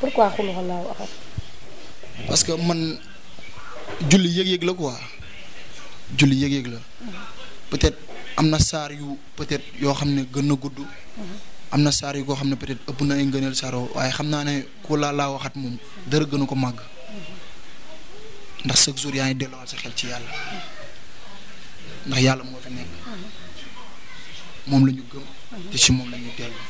pourquoi xul wallaahu ahad parce que man julli yëg-yëg la quoi julli yëg-yëg la peut-être am na saar yu peut-être yoo xam ne gën na gudd. am na saar yu koo xam ne peut-être ëpp na ay ngëneel saaro waaye xam naa ne ku laa laa waxat moom dara gën a ko màgg ndax chaque jour yaa ngi delluwaat sa xel ci yàlla ndax yàlla moo fi nekk moom la ñu gëm te ci moom la dellu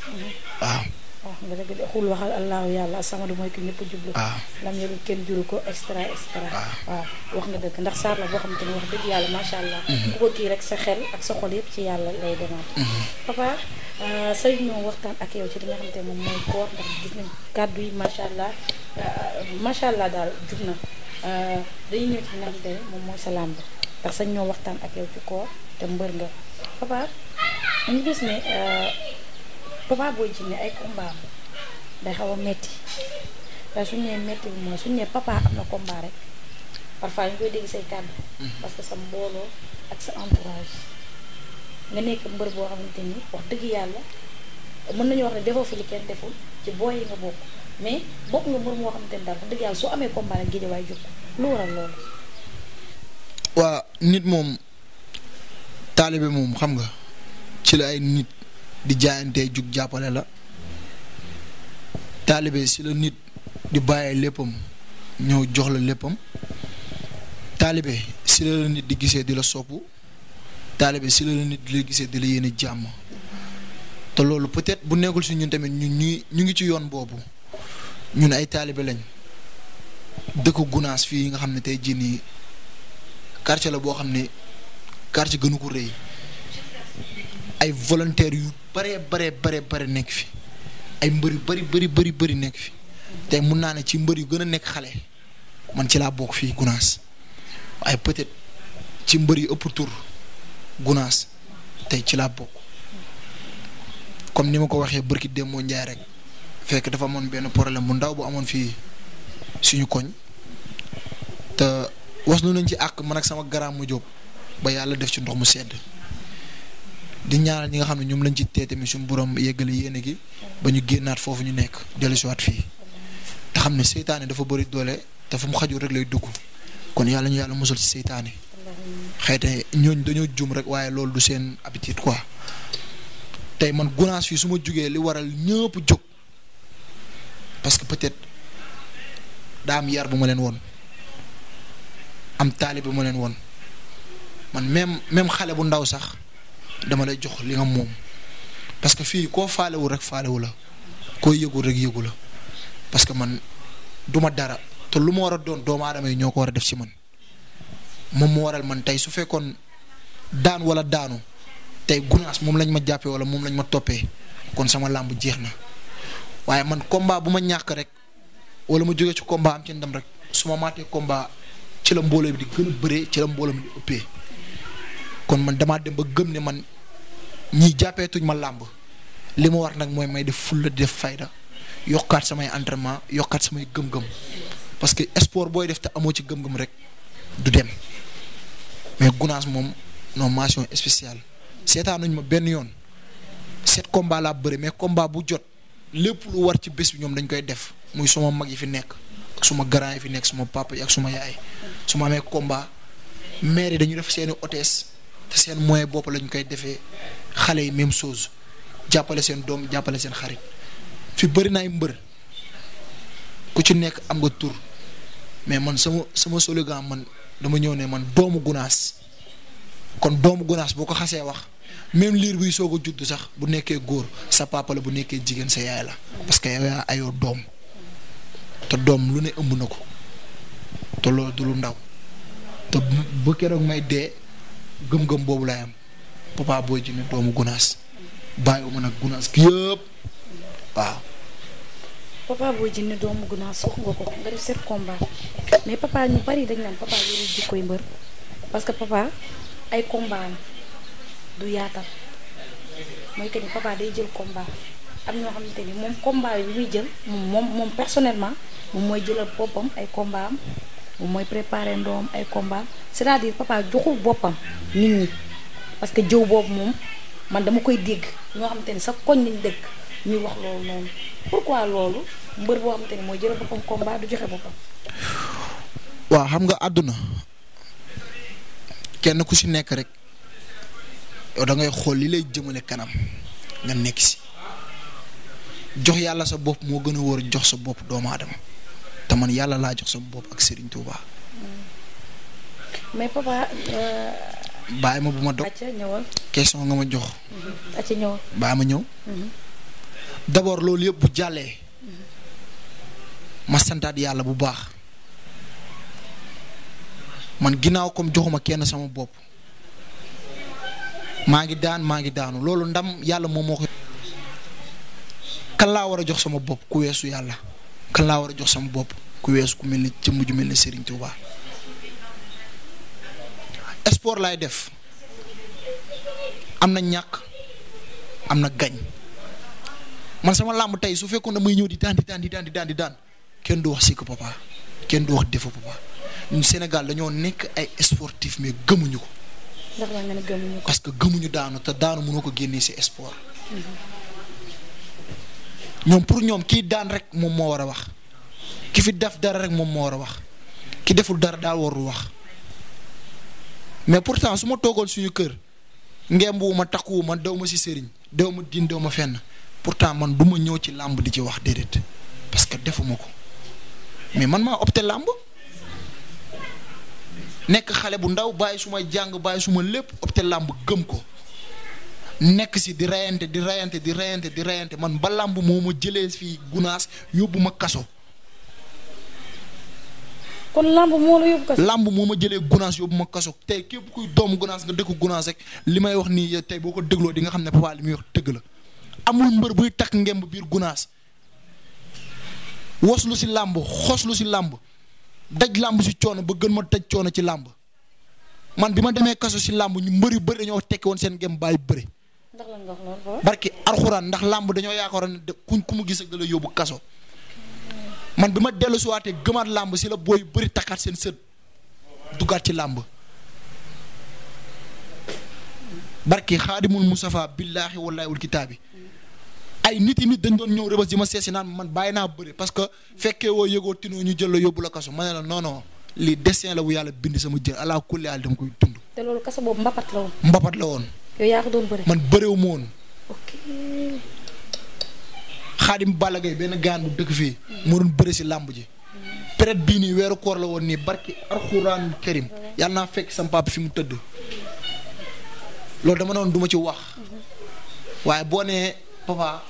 waaw. waaw nga dëgg de xul waxal allahu yàlla asamadu mooy ki ñëpp jublu ah. lam yalul kenn juru ko extra extra ah. waaw wax nga dëgg ndax saar la boo xam te ne wax dëgg yàlla macha allah mhm. ku ko kii sa xel ak sa xol yëpp ci yàlla lay demaat mhm. papa euh, say ñoo waxtaan ak yow ci te moom mooy koor ndax gis nañ kàddu yi macha allah euh, macha allah daal jub na euh, dañu ñëw ci li nga moom mooy sa làmb ndax sañ ñoo waxtaan ak yow ci koor te mbër nga papa ñu gis ne Papa Boy Djiné ay combat day xaw a metti waaye suñu nee metti bi mooy suñu nee papa am na combat rek parfois ñu koy dégg say kàddu. Mm-hmm. parce que sa mbooloo ak sa entourage nga nekk mbër boo xamante ni wax dëgg yàlla mën nañu wax ne defoo fi li kenn deful ci booy yi nga bokk mais bokk nga mbër moo xamante ni daal wax dëgg yàlla soo amee combat rek géejawaay jóg lu waral loolu. waa nit moom taalibe moom xam nga ci la ay nit. di jaayantee jug jàppale la taalibe si la nit di bàyyee léppam ñëw jox la léppam taalibe si la la nit di gisee di la sopp taalibe si la la nit di la gisee di la yéene jàmm te loolu peut-être bu nekkul si ñun tamit ñu ñu ñu ngi ci yoon boobu ñu ne ay taalibe lañ dëkku gunaas fii nga xam ne tey jii nii quartier la boo xam ne quartier gënu ko rëy ay volontaires yu bëree bëree bëree bëri nekk fi ay mbër yu bëri bëri bëri bëri nekk fi tey mun naa ne ci mbër yu gën a nekk xale man ci laa bokk fii Gunaas ay peut-être ci mbër yu ëpp tur Gunaas tey ci laa bokk comme ni ma ko waxee bërki démb Njaay rek fekk dafa amoon benn problème bu ndaw bu amoon fii suñu koñ te was nu nañ ci àq man ak sama garaam mu jóg ba yàlla def ci ndox mu sedd di ñaaral ñi nga xam ne ñoom lañ ci tee tamit suñu borom yeggale yéene gi ba ñu génnaat foofu ñu nekk dellusiwaat fii te xam ne seytaane dafa bëri doole te fu mu xajul rek lay dugg kon yàlla ñu yàlla musal ci seytaane xëy ñooñ dañoo jum rek waaye loolu du seen habitude quoi tey man gunaas fii su ma jugee li waral ñëpp jóg parce que peut-être daa am yar bu ma leen woon am taali bu ma leen woon man même même xale bu ndaw sax. dama lay jox li nga moom parce que fii koo faalewul rek faalewu la koo yëgul rek yëgu la parce que man duma dara te lu ma war a doon doomu aadama yi ñoo ko war a def ci man moom mu waral man tey su fekkoon daan wala daanu tey gunaas moom lañ ma jàppee wala moom lañ ma toppee kon sama làmb jeex na waaye man combat bu ma ñàkk rek wala ma jógee ci combat am ci ndam rek su ma maatee combat ci la mbooloo bi di gën bëree ci la mbooloo bi di ëppee. kon man damaa dem ba gëm ne man ñi jàppeetuñ ma làmb li ma war nag mooy may def fulla def fayda yokkaat samay entraînement yokkat samay gëm-gëm parce que sport booy def te amoo ci gëm-gëm rek du dem mais Gounass moom non mention spéciale seetaanuñ ma benn yoon seet combat laa bëri mais combat bu jot lépp lu war ci bés bi ñoom dañ koy def muy suma mag yi fi nekk ak suma grand yi fi nekk suma papa yi ak suma yaay su ma amee combat maire dañu def seeni hôtesse te seen moyen bopp lañ koy defee xale yi même chose jàppale seen doom jàppale seen xarit fi bari naay mbër ku ci nekk am nga tur mais man sama sama slogan man dama ñëw ne man doomu gunaas kon doomu gunaas boo ko xasee wax même liir buy soog a judd sax bu nekkee góor sa papa la bu nekkee jigéen sa yaay la parce que yow yaa ayoo doom te doom lu ne ëmb na ko te loolu du ndaw te bu keroog may dee. gëm-gëm boobu laay am Papa Boy Djiné doomu Gunaas bàyyiwuma nag Gunaas gi yëpp waaw. Papa Boy Djiné doomu Gunaas wax nga ko nga def seen combat mais papa ñu bari dañ naan papa yorul jikkoy mbër parce que papa ay combat du yaatal mooy que papa day jël combat am ñoo xamante ni moom combat bi muy jël moom moom moom personnellement moom mooy jëlal boppam ay combat am. mooy préparer ndoom ay komba c'est-à-dire papa joxul boppam nit ñi parce que jëw boobu moom man dama koy dégg ñoo xamante ni sa koñ lañ dëkk ñuy wax loolu noonu pourquoi loolu mbër boo xamante mooy jël boppam combat du joxe boppam. waaw xam nga àdduna kenn ku si nekk rek yow da ngay xool li lay jëmale kanam nga nekk si jox yàlla sa bopp moo gën a wóor jox sa bopp doomu aadama. man yàlla laa jox sama bopp ak Serigne Touba. mais euh, bàyyi ma bu ma dog question nga ma jox. Mm-hmm. bàyyi ma ñëw. Mm-hmm. d'abord loolu yëpp bu jàllee. ma santaat yàlla bu baax. man ginnaaw comme joxuma kenn sama bopp. maa ngi daan maa ngi daanu loolu ndam yàlla moom moo ko. kan laa war a jox sama bopp ku weesu yàlla. kan laa war a jox sama bopp. ku weesu ku mel ni jëmm ju mel ni Serigne Touba sport laay def am na ñàkk am na gañ man sama làmb tey su fekkoon damay ñëw di daan di daan di daan di daan kenn du wax si sikk papa kenn du wax defu papa ñun Sénégal dañoo nekk ay sportif mais gëmuñu ko. parce que gëmuñu daanu te daanu mënoo ko génnee ci sport. Mhm. ñoom pour ñoom kii daan rek moom moo war a wax. ki fi def dara rek moom ma war a wax ki deful dara daal warul wax mais pourtant su ma toogoon suñu kër ngembuwuma takkuwuma dew ma si sëriñ dew ma diin dew ma fenn pourtant man du ma ñëw ci làmb di ci wax déedéet parce que defuma ko mais man maa opté làmb nekk xale bu ndaw bàyyi su ma jàng bàyyi su ma lépp opté làmb gëm ko nekk si di reyante di reyante di rayante di rayante man ba làmb moo ma jëlee fii gunaas yóbbu ma kaso kon lamb moo la moo ma jëlee gunaas yóbbu ma kaso tey képp kuy doomu gunaas nga dëkk gunaas rek li may wax nii tey boo ko dégloo dinga xam ne papa li muy wax dëgg la amul mbër buy takk ngemb biir gunaas waslu si làmb xoslu si làmb daj làmb si coono ba gën ma daj coono ci làmb man bi ma demee kaso si làmb ñu mbër yu bari dañoo tekki woon seen ngemb baay bëri. ndax lan nga wax barki alxuraan ndax làmb dañoo yaakaaroon ne ku mu gis ak da yóbbu kaso. man bi ma dellu siwaatee gëmaat làmb si la booy bëri takkaat seen sët duggaat ci làmb barki xaadimul musafa billaahi wallaahi wal kitaabi ay nit yi nit dañ doon ñëw rëbës di ma seesi naan man bàyyi naa bëri parce que fekkee woo yëgoo tinoo ñu jël la yóbbu la kaso ma ne la non non lii destin la bu yàlla bind sama jël ala kulli aal dama koy dund. mbapat la woon. mbapat la woon. man bëriwu ma xaadim Balla Gaye benn gaan bu dëkk fii moo doon bëre si làmb ji période bii nii weeru koor la woon nii barki alxuraan karim yàlla naa fekk sama papa fi mu tëdd loolu dama noon duma du ci wax waaye boo nee papa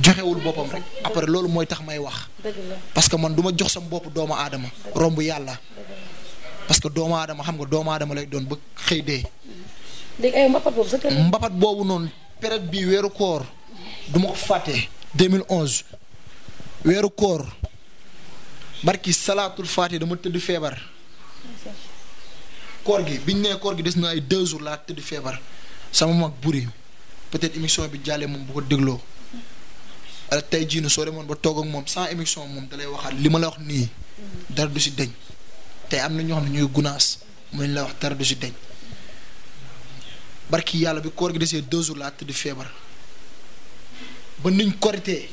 joxewul boppam rek après loolu mooy tax may wax parce que man duma jox sama bopp doomu aadama romb yàlla parce que doomu aadama xam nga doomu aadama lay doon ba xëy dee. léegi mbapat boobu noonu période bii weeru koor. du ma ko fàtte 2011 weeru koor barki salaatul fàtte dama tëdd feebar koor gi biñ nee koor gi des na ay deux jours laa tëdd feebar sama mag buri peut-être émission bi jàllee moom bu ko dégloo tey jii nii soo demoon ba toog ak moom sans émission moom dalay waxaat li ma la wax nii dara du si deñ te am na ñoo xam ne ñuy gunaas mu la wax dara du si deñ barki yàlla bi koor gi desee deux jours laa tëdd feebar ba niñ korité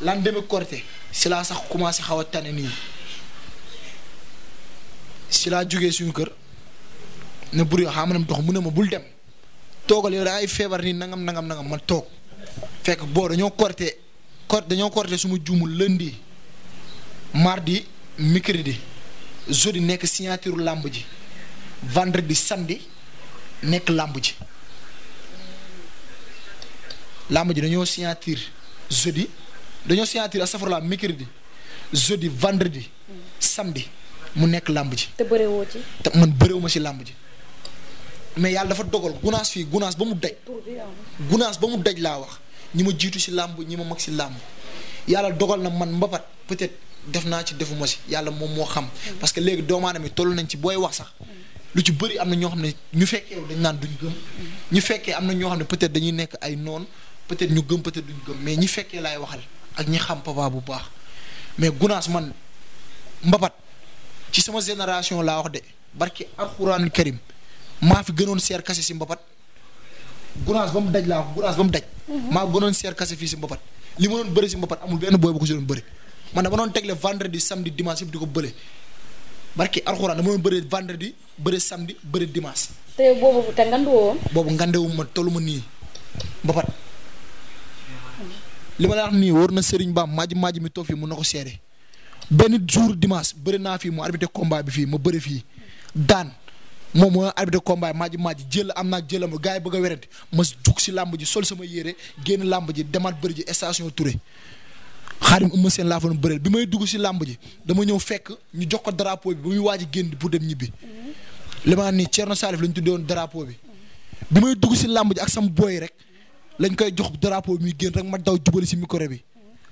lan demee korité si laa sax commencé xaw a tane nii si laa jógee suñu kër ne bur yoo xam ne dox mu ne ma bul dem toogal yow ay feebar nii nangam nangam nangam ma toog fekk boo dañoo korité ko dañoo korité suma juumul lundi mardi mercredi jeudi nekk signature làmb ji vendredi samedi nekk làmb ji làmb ji dañoo signature jeudi dañoo signature astafurlah mercredi jeudi vendredi samedi mu nekk làmb ji. te bëreewoo ci. te man bëreewuma ci làmb ji mais yàlla dafa dogal gunaas fii gunaas ba mu daj. gunaas ba mu daj laa wax ñi ma jiitu ci làmb ñi ma mag ci làmb yàlla dogal na man mbapat peut-être def naa ci defuma ci yàlla moom moo xam. Mm. parce que léegi doomaanam aadama toll nañ ci booy wax sax. Mm. lu ci bëri am na ñoo xam ne ñu fekkee dañ naan duñ gëm. Mm. ñu fekkee am na ñoo xam ne peut-être dañuy nekk ay noon peut-être ñu gëm peut-être duñ gëm mais ñi fekkee laay waxal ak ñi xam papa bu baax mais gunaas man mbapat ci sama génération laa wax de barki alxuraanul karim maa fi gënoon seer kase si mbapat gunaas ba mu daj laa wax gunaas ba mu daj. Mhm. maa gënoon seer kase fii si mbapat li ma doon bëri si mbapat amul benn booy bu ko si doon bëri man dama doon tegle vendredi samedi dimanche yëpp di ko bële barki alxuraan dama doon bëri vendredi bëri samedi bëri dimanche. te boobu ma nii mbapat. li ma la wax nii war na Serigne Ba maaj maaj mi toog fii mun na ko seede benn jour dimanche bëri naa fii mu arbitre combat bi fii ma bëri fii daan moom moo arbitre combat yi maaj maaj jël am naa jël ma gars yi bëgg a werante ma jug si làmb ji sol sama yére génn làmb ji demaat bëri ji station Touré xaarim ëmma seen laa fanu bëreel bi may dugg si làmb ji dama ñëw fekk ñu jox ko drapeau bi ba muy waaj génn pour dem ñibbi li ma ni na Salif la ñu tuddee woon drapeau bi bi may dugg si làmb ji ak sama booy rek. lañ koy jox drapeau muy génn rek ma daw jubali si micro bi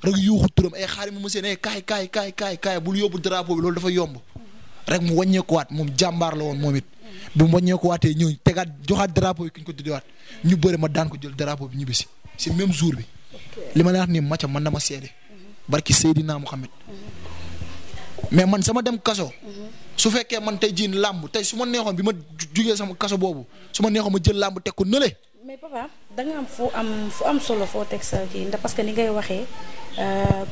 rek yuuxu turam ay xaar mu mos a ne kaay kaay kaay kaay kaay bul yóbbu drapeau bi loolu dafa yomb rek mu wàññeekuwaat moom jàmbaar la woon moom it. bu mu wàññeekuwaatee ñëw tegaat joxaat drapeau bi ki ñu ko tuddewaat ñu bëri ma daan ko jël drapeau bi ñibbisi si même jour bi li ma la wax nii Macha man na ma seede barki Seydina Mohamed mais man sama dem kaso. su fekkee man tey jii làmb tey su ma neexoon bi ma jugee sama kaso boobu su ma neexoon ma jël làmb teg ko da am fu am fu am solo foo teg sa kii ndax parce que ni ngay waxee euh,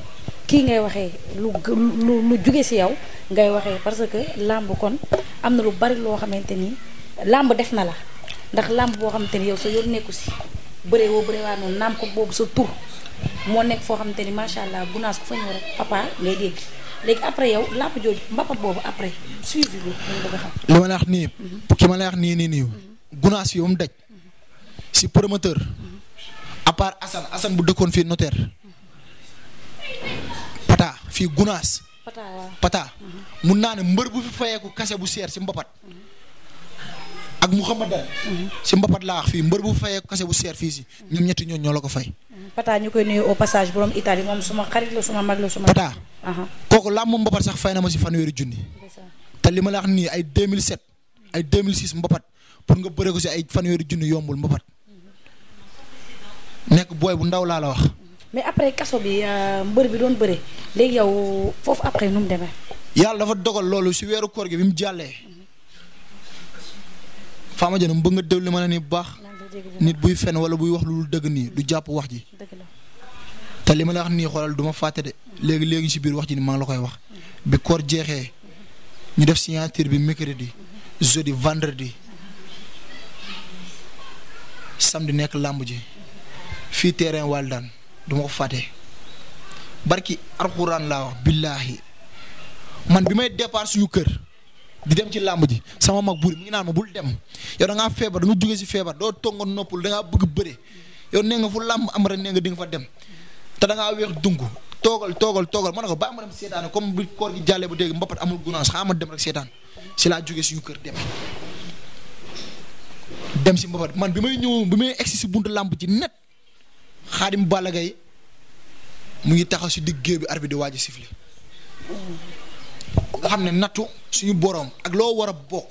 kii ngay waxee lu lu jóge si yow ngay waxee parce que làmb kon am na lu bari loo xamante ni làmb def na la ndax làmb boo xamante ni yow sa yoon nekku si bëree woo bëree waa noonu naam ko boobu sa tur moo nekk foo xamante ni macha allah gunaas ku fa ñëw rek papa ngay dégg léegi après yow làmb jooju mbapat boobu après suivi bi ñu bëgg a xam. li ma lay wax nii. Mhm. ki ma lay nii nii nii gunaas yow daj. si promoteur à part Assane Assane bu dëkkoon fii notaire Pata fii Gunaas. Pata Pata. mun naa ne mbër bu fi fayeeku kase bu seer si mbapat. ak Mouhamadane. si mbapat laa wax fii mbër bu fayeeku kase bu seer fii si. ñoom ñetti ñooñu ñoo la ko fay. Pata ñu koy nuyu au passage borom Italie la suma mbapat sax fay na ma si fanweeri junni. te li ma la wax nii ay 2007 ay 2006 mbapat pour nga bëre ko si ay fanweeri junni yombul mbapat. nekk booy bu ndaw laa la wax. mais après kaso bi euh, mbër bi doon bëre léegi yow foofu après yàlla dafa dogal loolu si weeru koor gi bi mu jàllee. Fama Diagne mu bëgg nga li ma na nii bu baax. nit buy fen wala buy wax lu dëgg nii du jàpp wax ji. te li ma la wax nii xoolal du ma fàtte de léegi léegi si biir wax ji ni maa la koy wax. bi koor jeexee ñu def signature bi mercredi jeudi vendredi samedi nekk làmb ji. fii terrain Waldaan du ma ko fàtte barki alxuraan laa wax billaahi man bi may départ suñu kër di dem ci làmb ji sama mag buri mu ngi naan ma bul dem yow da ngaa feebar da nga jóge si feebar doo tonga noppul da ngaa bëgg bëre yow nee nga fu làmb am rek nee nga di nga fa dem te da ngaa weex dung toogal toogal toogal ma ne ko ba am dem seetaan comme bi koor gi jàllee bu dégg mbappat amul gunaas xaa ma dem rek seetaan si laa jógee suñu kër dem dem si mbappat man bi may ñëw bi may egsi si buntu làmb ji net xaadim Balla Gaye mu ngi taxaw si digg géew bi arbitre di waaj a sifflé nga xam ne nattu suñu boroom ak loo wara a bokk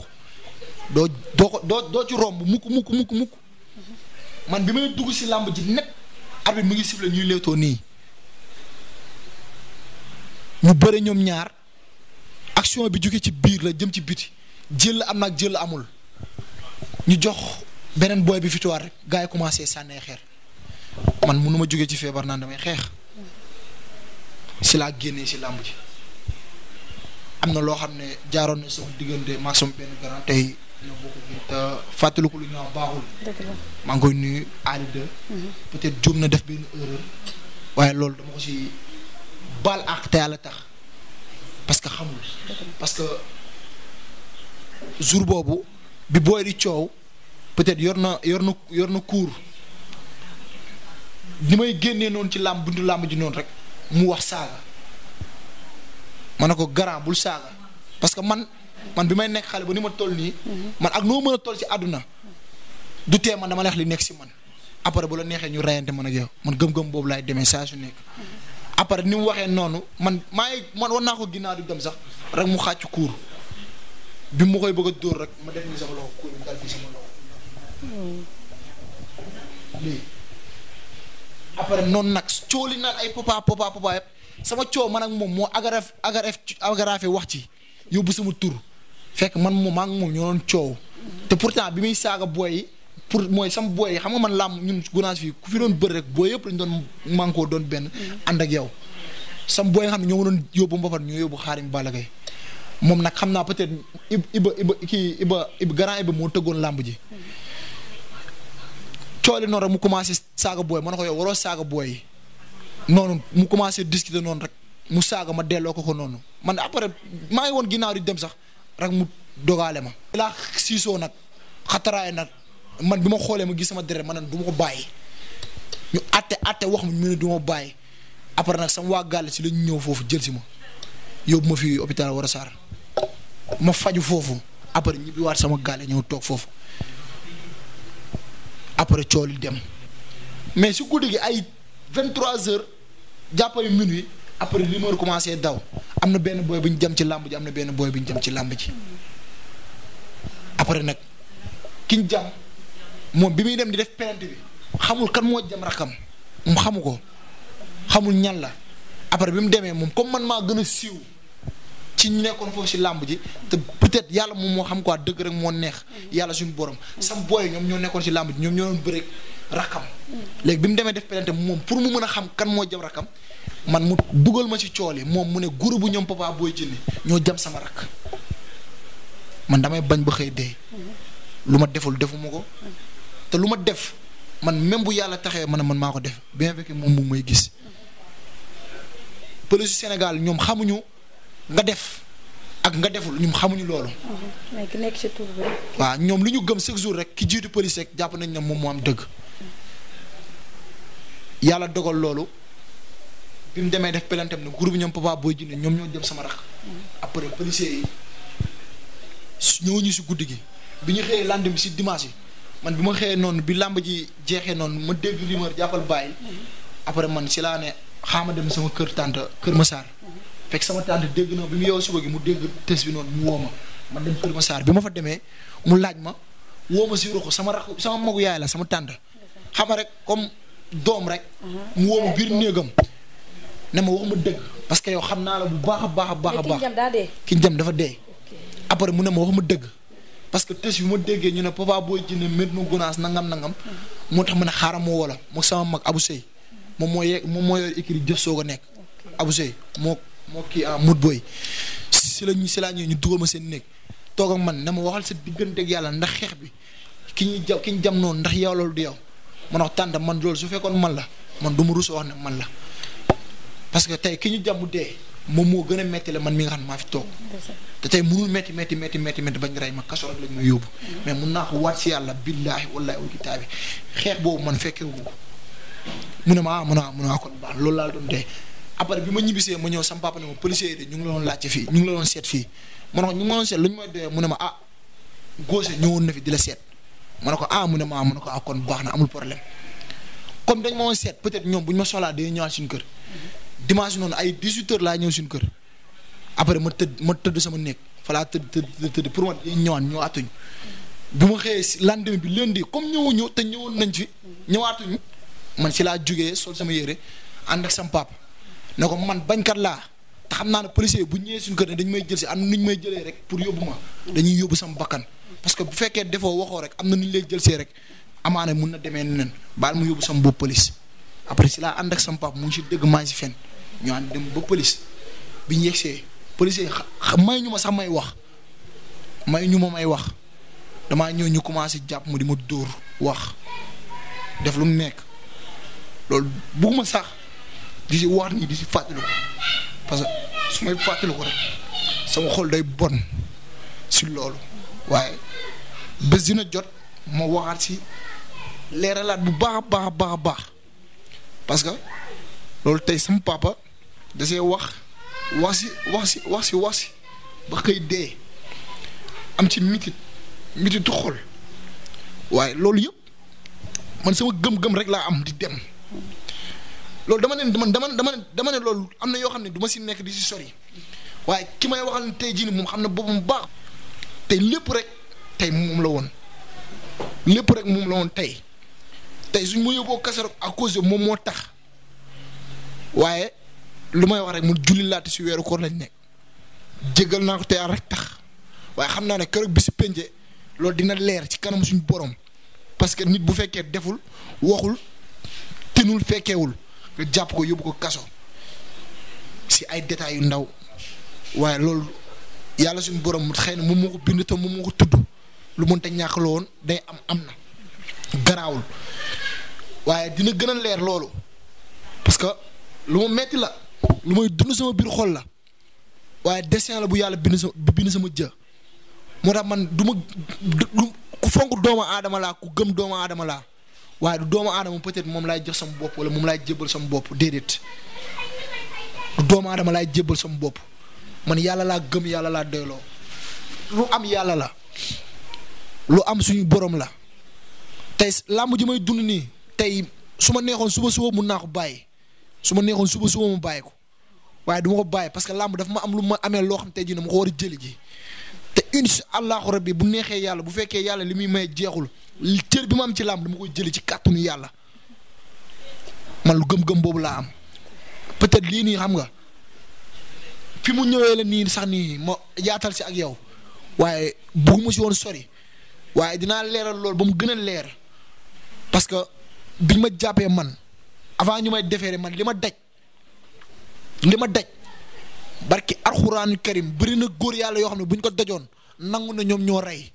doo doo ko doo doo ci romb mukk mukk mukk man bi may dugg si làmb ji nekk arbitre mu ngi sifflé ñuy léetoo nii ñu bëre ñoom ñaar action bi jóge ci biir la jëm ci biti jël am na ak jël amul ñu jox beneen booy bi victoire rek gars yi commencé sànnee xeer man mënu jóge ci feebar naan damay xeex si laa génnee si làmb ji am na loo xam ne jaaroon na sama diggante maa benn grand tey te fàttaliku lu ñu baaxul. maa ngi koy nuyu Ali de. Mhm. peut-être juum na def benn erreur waaye loolu dama ko si baal àq te yàlla tax parce que xamul. parce que jour boobu bi booy di coow peut-être yor na yor na yor na cours. li may génnee noonu ci làmb buntu làmb ji noonu rek mu wax saaga ma ne ko garant bul saaga parce que man man bi may nekk xale ba ni ma toll nii mhm. man ak noo mën a toll ci àdduna du tee man dama leex li nekk si man après bu la neexee ñu reyante man ak yow man gëm-gëm boobu laay demee saa su nekk mhm. après ni mu waxee noonu man maa ngi man war naa dem sax rek mu xàcc kuur bi mu koy bëgg a dóor rek ma def ni après noonu nag cooli naan ay papa papa popa yëpp sama coow man ak moom moo agaraf agaraf agarafe wax ci yóbbu sama tur fekk man moom maa ngi moom ñoo doon coow te pourtant bi muy saaga booy yi pour mooy sama booy yi xam nga man làmb ñun Gunaas fii ku fi doon bëri rek booy yëpp dañ doon mànkoo doon benn ànd ak yow sama booy nga xam ne ñoo ma doon yóbbu mbapat ñoo yóbbu xaarim Balla Gaye moom nag xam naa peut-être Iba Iba kii Iba Iba grand moo tëggoon làmb ji coole mu commencé saaga booy man ne ko yow waroo saaga booy noonu mu commencé discuter noonu rek mu saaga ma delloo ko ko noonu man après maa ngi woon ginnaaw di dem sax rek mu dogaale ma. laa siisoo nag xataraay nag man bi ma xoolee ma gis sama deret ma ne du ma ko bàyyi ñu àtte àtte wax ma ñu ne du bàyyi après nag sama waa gàll si la ñëw foofu jël si ma yóbbu ma fii hôpital a saar ma faju foofu après waat sama gàll ñëw toog foofu. après coow li dem mais su guddi gi ay 23 heures jàpp ay minuit après rumeur commencé daw am na benn booy bu ñu jëm ci làmb ji am na benn booy bu ñu ci làmb ji après nag kiñ ñu jam moom bi muy dem di def plainte bi xamul kan moo jam rakam mu xamu ko xamul ñan la après bi mu demee moom comme man maa gën a siiw. ci ñu nekkoon foofu si làmb ji te peut-être yàlla moom moo xam quoi dëgg rek moo neex yàlla suñu borom sam booy ñoom ñoo nekkoon si làmb ji ñoom ñoo doon léegi bi mu demee def pelante moom pour mu mën a xam kan moo jam rakkam man mu dugal ma ci cool yi moom mu ne guru bu ñoom papa booy jënne ñoo jam sama rakk man damay bañ ba xëy dee lu ma deful defuma ko te lu ma def man même bu yàlla taxee man man maa ko def bien que moom moom may gis police Sénégal ñoom xamuñu nga def ak nga deful ñu xamuñu loolu. Uh-huh. ki ñoom lu ñu gëm chaque jour rek ki jiitu police jàpp nañ ne moom moo am dëgg uh-huh. yàlla dogal loolu bi mu demee def pelantam ne groupe ñoom papa booy jinne ñoom ñoo jëm sama rax. Uh-huh. après policiers yi ñëwuñu si guddi gi bi ñu xëyee lendemain si dimanche yi man bi ma xëyee noonu bi làmb ji jeexee noonu ma dégg rumeur jàppal bàyyi après man si laa ne xaama dem sama kër tante kër Massar. fekk sama tante dégg na bi mu yeewoo suba gi mu dégg test bi noonu mu woo ma man dem Kër Massar bi ma fa demee mu laaj ma woo ma si ko sama rakk sama magu yaay la rek comme doom rek. mu woo néegam ne ma ma dëgg parce que yow xam naa la bu baax a baax a baax a baax ki ñu dafa dee. après mu ne ma wax ma dëgg parce que test bi ma déggee ñu ne papa booy ji ne mét ma gonaas nangam nangam. Mhm. moo tax ma ne xaaral ma woo la moog sama mag Abou Seye mhm. moom moo ye moom moo yor écrit jëf soo ko nekk Abou Seye moo. moo kii ah mut booy si la ñu si laa ñëw ñu dugal seen néeg toog man na ma waxal sa digganteeg yàlla ndax xeex bi ki ñuy ja ki ñu jam noonu ndax yow loolu du yow man wax tànn man loolu su fekkoon man la man du ma rus wax ne man la parce que tey ki ñu jàmm dee moom moo gën a metti la man mi nga xam ne maa fi toog te tey munul metti metti metti metti bañ rey ma kaso rek lañ ma yóbbu mais mun naa ko waat si yàlla billaahi wallaahi wal kitaabi xeex boobu man fekkewuma ko mun ne ma ah mun a mun a ah, kon baax loolu laa doon dee après bi ma ñibbisee ma ñëw sama papa ne ma policier yi de ñu ngi la doon laajte fii ñu ngi la doon seet fii ma ne ko ñu ngi ma doon seet lu ñu may doyee mu ne ma ah góose ñëwoon na fi di la seet ma ne ko ah mu ne ma ah ma ne ko ah kon baax na amul problème comme dañ ma doon seet peut-être ñoom bu ñu ma soxlaa dañuy ñëwaat suñu kër dimanche noonu ay 18 heures laa ñëw suñu kër après ma tëdd ma tëdd sama néeg fa laa tëdd tëdd tëdd pour ma ñëwaat ñëwaatuñ bi ma xëyee si lendemain bi lundi comme ñëwuñu te ñëwoon nañ fi ñëwaatuñ man si laa jógee sol sama yére ànd ak sama papa ne ko man bañkat laa te xam naa ne policier bu ñëwee suñu kër ne dañu may jël si am na ñu may jëlee rek pour yóbbu ma dañuy yóbbu sama bakkan parce que bu fekkee defoo waxoo rek am na nu ñu lay jël see rek amaana mun na demee neneen baal mu yóbbu sama bopp police après si laa ànd ak sama papa mu ngi si dëgg maa si fen ñu ànd dem ba police bi ñu yegsee policier may ñu ma sax may wax may ñu ma may wax damaa ñëw ñu commencé jàpp mu di ma dóor wax def lu mu nekk loolu bugguma sax. di si wax nii di si fàttaliku parce que su may fàttaliku rek sama xol day bon si loolu waaye bés dina jot ma waxaat si leeralaat bu baax baax a baax a baax parce que loolu tey sama papa da wax wax si wax si wax si wax si ba xëy dee am ci mitit mititu xol waaye loolu yëpp man sama gëm-gëm rek laa am di dem. loolu dama ne dama dama dama ne loolu am na yoo xam ne duma si nekk di si sori waaye ki may waxal ne tey jii nii moom xam ne boobu mu baax tey lépp rek tey moom la woon lépp rek moom la woon tey tey suñ ma yóbboo kaso rek moom moo tax waaye lu may wax mu julli si weeru ko lañ nekk jégal naa ko tey rek tax waaye xam naa ne keroog bi si penje loolu dina leer ci kanam suñ boroom parce que nit bu fekkee deful waxul te tinul fekkewul nga jàpp ko yóbbu ko kaso si ay détails yu ndaw waaye loolu yàlla suñu borom xëy na moom moo ko bind te moom moo ko tudd lu mënta ñàkk la woon day am am na garaawul waaye dina gën a leer loolu parce que lu ma metti la lu may dund sama biir xol la waaye destin la bu yàlla bind sama bind sama jë moo tax man du ma ku fonk doomu aadama laa ku gëm doomu aadama laa waaye du doomu aadama peut-être moom laay jox sama bopp wala moom laay jébbal sama bopp déedéet du aadama laay jébbal sama bopp man yàlla laa gëm yàlla laa doyloo lu am yàlla la lu am suñu borom la tey làmb ji may dund nii tey su ma neexoon suba suba mun naa ko bàyyi su ma neexoon suba suba mu bàyyi ko waaye du ma ko bàyyi parce làmb dafa ma am lu ma amee loo xam tey jii ne ma ko war a jëli ji te incha allahu rabbi bu neexee yàlla bu fekkee yàlla li muy may jeexul cër bi ma am ci làmb dama koy jëli ci kàttanu yàlla man lu gëm-gëm boobu laa am peut-être lii nii xam nga fi mu ñëwee la nii sax nii ma yaatal si ak yow waaye bugguma si woon sori waaye dinaa leeral loolu ba mu gën a leer parce que biñ ma jàppee man avant ñu may defeere man li ma daj li ma daj. barki arxuraanu karim bëri na góor yàlla yoo xam ne bu ñu ko dajoon nangu na ñoom ñoo rey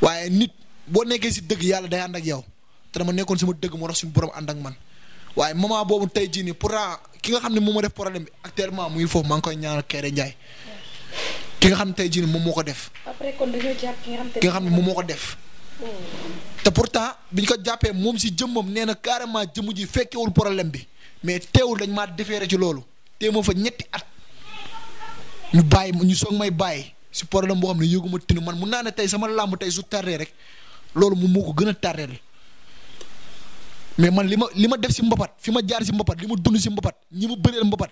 waaye nit boo nekkee si dëgg yàlla day ànd ak yow te dama nekkoon si ma dëgg moo tax borom ànd ak man waaye moment boobu tey jii nii pourtant ah ki nga xam ne moom ma def problème bi actuellement mu ngi foofu maa ngi koy ñaanal Kéré Ndiaye ki nga xam ne tey jii nii moom moo ko def. après ki nga xam ne. moom moo ko def. Hmm. te pourtant bi ñu ko jàppee moom si jëmmam nee na carrément jëmm ji fekkewul problème bi mais teewul dañ maa defeere ci loolu te ma fa ñetti at. ñu bàyyi ñu soog may bàyyi si problème boo xam ne yëguma tinu man mun naa ne tey sama làmb tey su tardé rek loolu moom moo ko gën a la mais man li ma li ma def si mbapat fi ma jaar si mbapat li ma dund si mbapat ñi ma bëreel mbapat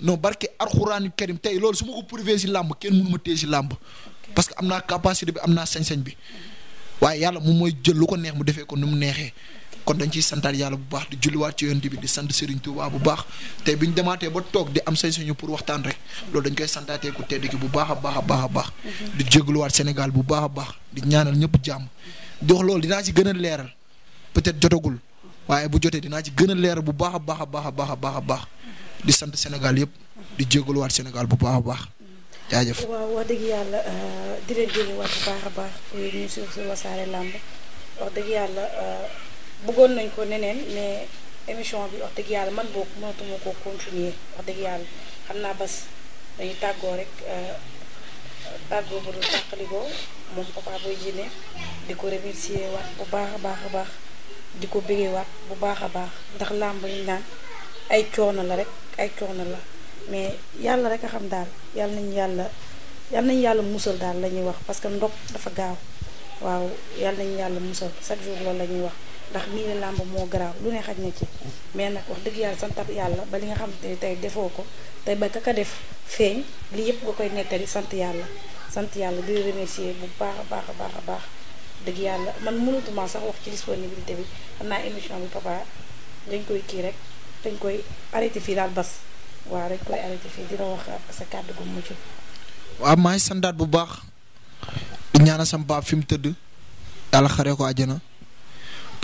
non barke alxuraanu karim tey loolu su ma ko privé si làmb kenn mënu ma téye si làmb parce que am naa capacité bi am naa sañ-sañ bi waaye yàlla moom mooy jël lu ko neex mu defee ko nu mu neexee. kon dañ ciy santaat yàlla bu baax di julliwaat ci yonent bi di sant Serigne Touba bu baax te biñ demaatee ba toog di am sañ suñu pour waxtaan rek loolu dañ koy santaatee ku tedd ki bu baax a baax a baax a baax di jégluwaat Sénégal bu baax a baax di ñaanal ñëpp jàmm di wax loolu dinaa ci gën a leeral peut-être jotagul waaye bu jotee dinaa ci gën a leeral bu baax a baax a baax baax baax a baax di sant senegal yëpp di jégluwaat senegal bu baax a baax jaajëf waaw wax dëgg di leen jëli waat bu baax a baax ñu suuf si wasaare làmb wax bëggoon nañ ko neneen mais émission bi wax dëgg yàlla man boobu mënatuma koo continuer wax dëgg yàlla xam naa bas dañuy tàggoo rek euh, tàggoo bu dul tàqaligoo moom Papa Boy Djiné di ko remercier waat bu baax a baax a baax di ko bëggee wax bu baax a baax ndax làmb ñu naan ay coono la rek ay coono la mais yàlla rek a xam daal yàlla nañu yàlla yàlla nañu yàlla musal daal la ñuy wax parce que ndox dafa gaaw waaw yàlla nañu yàlla musal chaque jour loolu la ñuy wax ndax mii la làmb moo garaaw lu ne xaj na ci mais nag wax dëgg yàlla santab yàlla ba li nga xam te tey defoo ko te ba kaka def feeñ lii yëpp nga koy nettali sant yàlla sant yàlla di remercier bu baax a baax a baax a baax dëgg yàlla man mënutuma sax wax ci disponibilité bi xam naa émission bi papa dañ koy kii rek dañ koy arrêté fii daal bas waaw dañ koy arrêté fii dina wax sa kàddu gu mujj waaw maa ngi bu baax ñaana sam baab fi mu tëdd yàlla xaree ko àjjana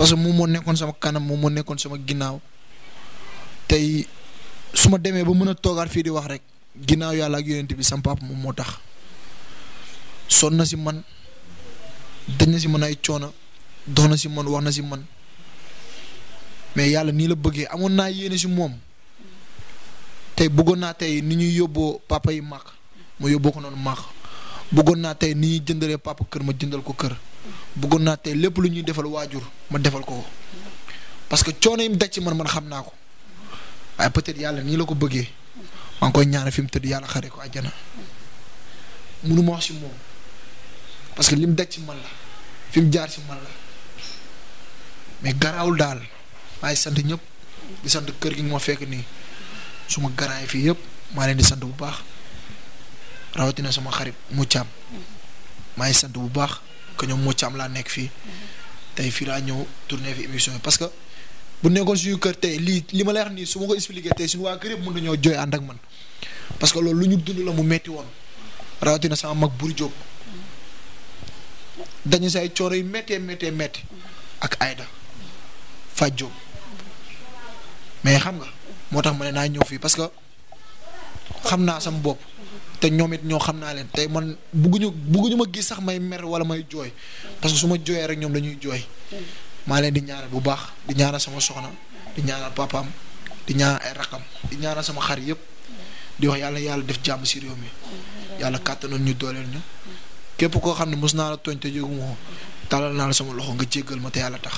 parce que moom moo nekkoon sama kanam moom moo nekkoon sama ginnaaw tey su ma demee ba mën a toogaat fii di wax rek ginnaaw yàlla ak yonent bi sama papa moom moo tax sonn na si man dañ na si man ay coono dox na si man wax na si man mais yàlla nii la bëggee amoon naa yéene si moom tey bëggoon naa tey ni ñuy yóbboo papa yi màq mu yóbboo ko noonu màq bëggoon naa tey ni ñuy jëndalee papa kër ma jëndal ko kër. bëggoon naa tey lépp lu ñuy defal waajur ma defal ko parce que coono yi mu daj ci man man xam naa ko waaye peut-être yàlla nii la ko bëggee maa ngi koy ñaanal fi mu tëdd yàlla xare ko àjjana mënu ma wax si moom parce que li mu daj ci man la fi mu jaar ci man la mais garaawul daal maa ngi sant ñëpp di sant kër gi nga ma fekk nii suma garaay fii yëpp maa leen di sant bu baax rawatina sama xarit mu caam maa ngi sant bu baax. que ñoom moo ci am laa nekk fii tey fii laa ñëw tourné fi émission yi parce que bu nekkoon suñu kër tey lii li ma lay wax nii su ma ko expliqué tey suñu waa kër yëpp mën nañoo jooy ànd ak man parce que loolu lu ñu dund la mu metti woon rawatina sama mag buri jóg dañu say cooro yu méttee méttee métti ak ayda faj jóg mais xam nga moo tax ma ne naa ñëw fii parce que xam naa sama bopp. te ñoom it ñoo xam naa leen tey man bugguñu bugguñu ma gis sax may mer wala may jooy parce que su ma jooyee rek ñoom dañuy jooy maa leen di ñaanal bu baax di ñaanal sama soxna di ñaanal papaam di ñaanal ay rakam di ñaanal sama xar yëpp di wax yàlla yàlla def jàmm si réew mi yàlla kàttanal ñu dooleel ñu képp koo xam ne mos naa la tooñ te yëgu ma ko tàllal naa la sama loxo nga jéggal ma te yàlla tax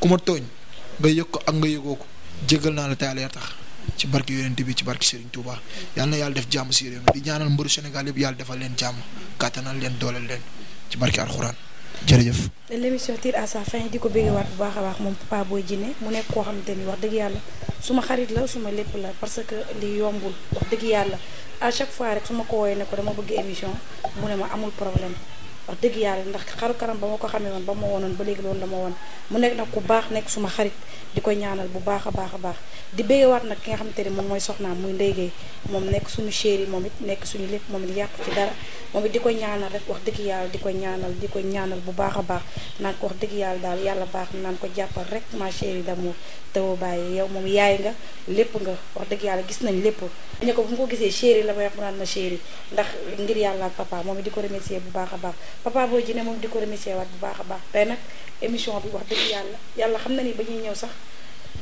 ku ma tooñ nga yëg ko ak nga yëgoo ko jéggal naa la te yàlla tax. ci barke yonent bi ci barke Serigne Touba yal na yàlla def jàmm si réew mi di ñaanal mbëru Sénégal yëpp yàlla defal leen jàmm kàttanal leen dooleel leen ci barke alxuraan jërëjëf. l'émission tire à sa fin di ko waat bu baax a baax moom Papa Boy Djiné mu nekk koo xamante ni wax dëgg yàlla ma xarit la ma lépp la parce que li yombul wax dëgg yàlla à chaque fois rek su ma ko woowee ne ko dama bëgg émission mu ne ma amul problème. wax dëgg yàlla ndax xaru kanam ba ma ko xamee woon ba ma woonoon ba léegi loolu la ma woon mu nekk nag ku baax nekk suma xarit di koy ñaanal bu baaxa baax a baax di béyewaat nag ki nga xamante ne moom mooy soxnaam muy ndéygéey moom nekk suñu chéri moom it nekk suñu lépp moom yàq ci dara moom it di koy ñaanal rek wax dëgg yàlla di ko ñaanal di ko ñaanal bu baax a baax naan ko wax dëgg yàlla daal yàlla baax naan ko jàppal rek ma chéri te tawoo bàyyi yow moom yaay nga lépp nga wax dëgg yàlla gis nañ lépp ñu ko bu mu ko gisee chéri la may wax mu naan ma chéri ndax ngir yàlla ak papa moom it di ko remercier bu baax a baax Papa Boy Djiné moom di ko remercier waat bu baax a baax tey nag émission bi wax dëgg yàlla yàlla xam na ni ba ñuy ñëw sax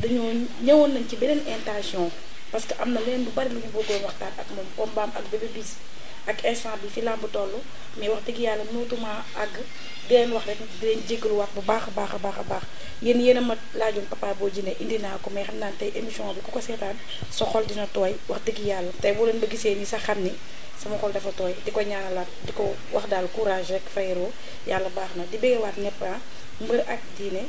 dañoo ñëwoon nañ ci beneen intention parce que am na leen lu bari lu ñu bëggoon waxtaan ak moom combat am ak bébé bis ak instant bi fi làmb toll mais wax dëgg yàlla mënatuma àgg di leen wax rek di leen jégaluwaat bu baax a baax a baax a baax yéen yéen a ma laajoon Papa boo Djiné indi naa ko mais xam naa tey émission bi ku ko seetaan sa xol dina tooy wax dëgg yàlla tey boo leen ba gisee nii sa xam ni sama xol dafa tooy di ko ñaanalaat di ko wax daal courage rek frérot yàlla baax na di bëggewaat ñëpp ah mbër ak diine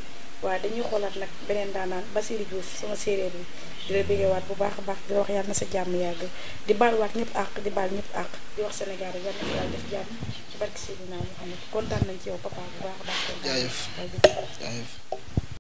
waaw dañuy xoolaat nag beneen daanaan Basirou Diouf sama séeréer bi di la bëggewaat bu baax a baax di la wax yàlla na sa jàmm yàgg di baaluwaat ñëpp àq di baal ñëpp àq di wax Sénégal rek yàlla na yàlla def jàmm ci barke Seydina na kontaan nañ ci yow papa bu baax a baax. jaajëf jaajëf.